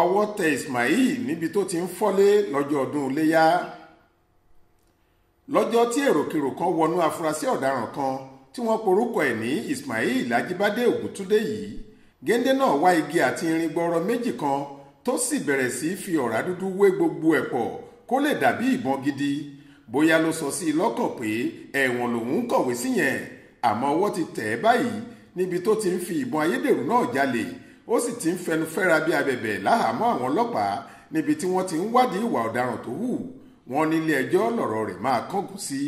ọwọ́ tẹ Ismail níbi tó ti ń fọ́lé lọ́jọ́ ọdún iléyà lọ́jọ́ tí èròkèrò kan wọnú afurasí ọ̀daràn kan tí wọ́n porúkọ ẹ̀ ní Ismail Ajíbádé Ògúntúndé yìí géńdé náà wá igi àti irin gbọrọ méjì kan tó sì bẹ̀rẹ̀ sí í fi ọ̀rá dúdú wé gbogbo ẹ̀ pọ̀ kó lè dàbí ìbọn gidi bóyá ló sọ sí i lọ́kàn pé ẹ̀wọ̀n lòun ń kọ̀wé síyẹn àmọ́ ọwọ́ ti tẹ̀ ẹ́ báyìí níbi tó ti ń fi ìbọn ayédèrú náà jalè ó sì ti ń fẹnu fẹ́ra bí abẹ̀bẹ̀ láhàámọ́ àwọn ọlọ́pàá níbi tí wọ́n ti ń wádìí ìwà ọ̀daràn tó hù wọ́n nílé ẹjọ́ lọ̀rọ̀ rẹ̀ máa kángun sí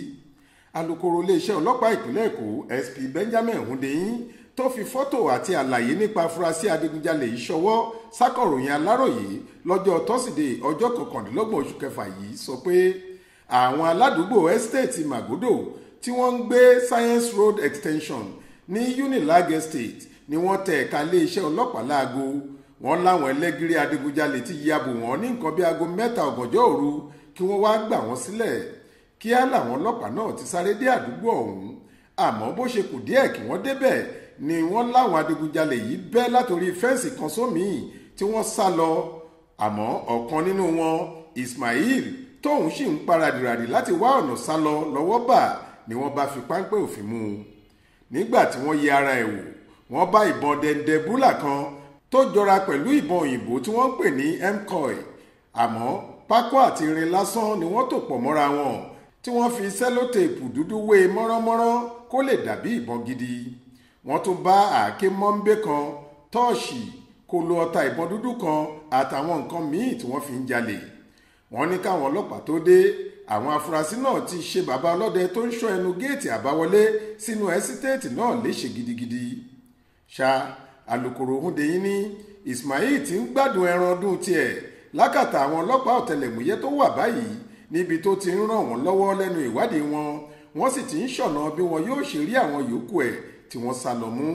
alukoro iléeṣẹ́ ọlọ́pàá ìpínlẹ̀ èkó sp benjamin hundeyin tó fi fọ́tò àti àlàyé nípa afurasí adigunjalè yìí ṣọwọ́ sákọ̀ròyìn aláròyé lọ́jọ́ tọ́sídẹ̀ẹ́ ọjọ́ kọkàndínlọ́gbọ̀n oṣù kẹfà yìí sọ pé àwọn aládùúgbò estate magodo tí wọ́n ń gbé science road extension ní unilag state ni wọ́n tẹ ẹ̀ka iléeṣẹ́ ọlọ́pàá láago wọ́n láwọn ẹlẹ́gìrì adigunjalè ti yabò wọ́n ní nǹkan bíi aago mẹ́ta ọ̀gànjọ́ òru kí wọ́n wáá gbà wọ́n sílẹ̀ kíá làwọn ọlọ́pàá náà ti sáré dé àdúgbò ọ̀hún àmọ́ bó ṣe kù díẹ̀ kí wọ́n débẹ̀ ni wọ́n láwọn adigunjalè yìí bẹ́ látòrí fẹ́ǹsì kan sómìí tí wọ́n sá lọ àmọ́ ọ̀kan nínú wọn Ismail tóun sì ń paradìràdì láti wá ọ̀nà sá lọ lọ́wọ́ bà ni wọ́n bá fi páńpẹ́ òfin mú un nígbà tí wọ́n yẹ ara ẹ̀ wò wọ́n bá ìbọn dẹ̀ǹdẹ̀búlà kan tó jọra pẹ̀lú ìbọn òyìnbó tí wọ́n ń pè ní mcoy àmọ́ pákó àti irin lásán ni wọ́n tò pọ̀ mọ́ra wọn tí wọ́n fi sẹ́lótéèpù dúdú wé e mọ́rọ́mọ́rọ́ kó lè dàbí ìbọn gidi wọ́n tún bá àáké mọ́ńbé kan tọ́ọ̀ṣì kolo ọta ìbọn dúdú kan àtàwọn nǹkan míì tí wọ́n fi ń jalè wọ́n ní káwọn ọlọ́pàá tó dé àwọn afurasí náà ti ṣe bàbá ọlọ́dẹ tó ń ṣọ́ ẹnu géètì àbáwọlé sínú ẹ́sítéètì náà léṣe gidigidi ṣá alukoro Ohúndeyín ní Ismail ti ń gbádùn ẹran ọdún tiẹ̀ lákàtà àwọn ọlọ́pàá ọ̀tẹlẹ̀múyẹ́ tó wà báyìí níbi tó ti ń ràn wọ́n lọ́wọ́ lẹ́nu ìwádìí wọn wọ́n sì ti ń ṣọ̀nà bí wọn yóò ṣe rí àwọn yòókù ẹ̀ tí wọ́n sá lọ mú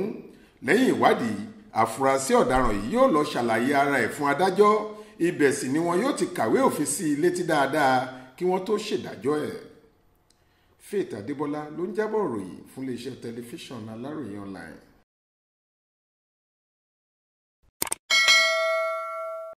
lẹ́yìn ìwádìí àfúrásì ọ̀daràn yìí yóò lọ ṣàlàyé ara ẹ̀ fún adájọ́ ibẹ̀ sì ni wọn yóò ti kàwé òfin sí i létí dáadáa kí wọ́n tó ṣèdájọ́ ẹ̀ Faith Adébọlá ló ń jábọ̀ ròyìn fún iléeṣẹ́ tẹlifíṣàn Aláròyé online.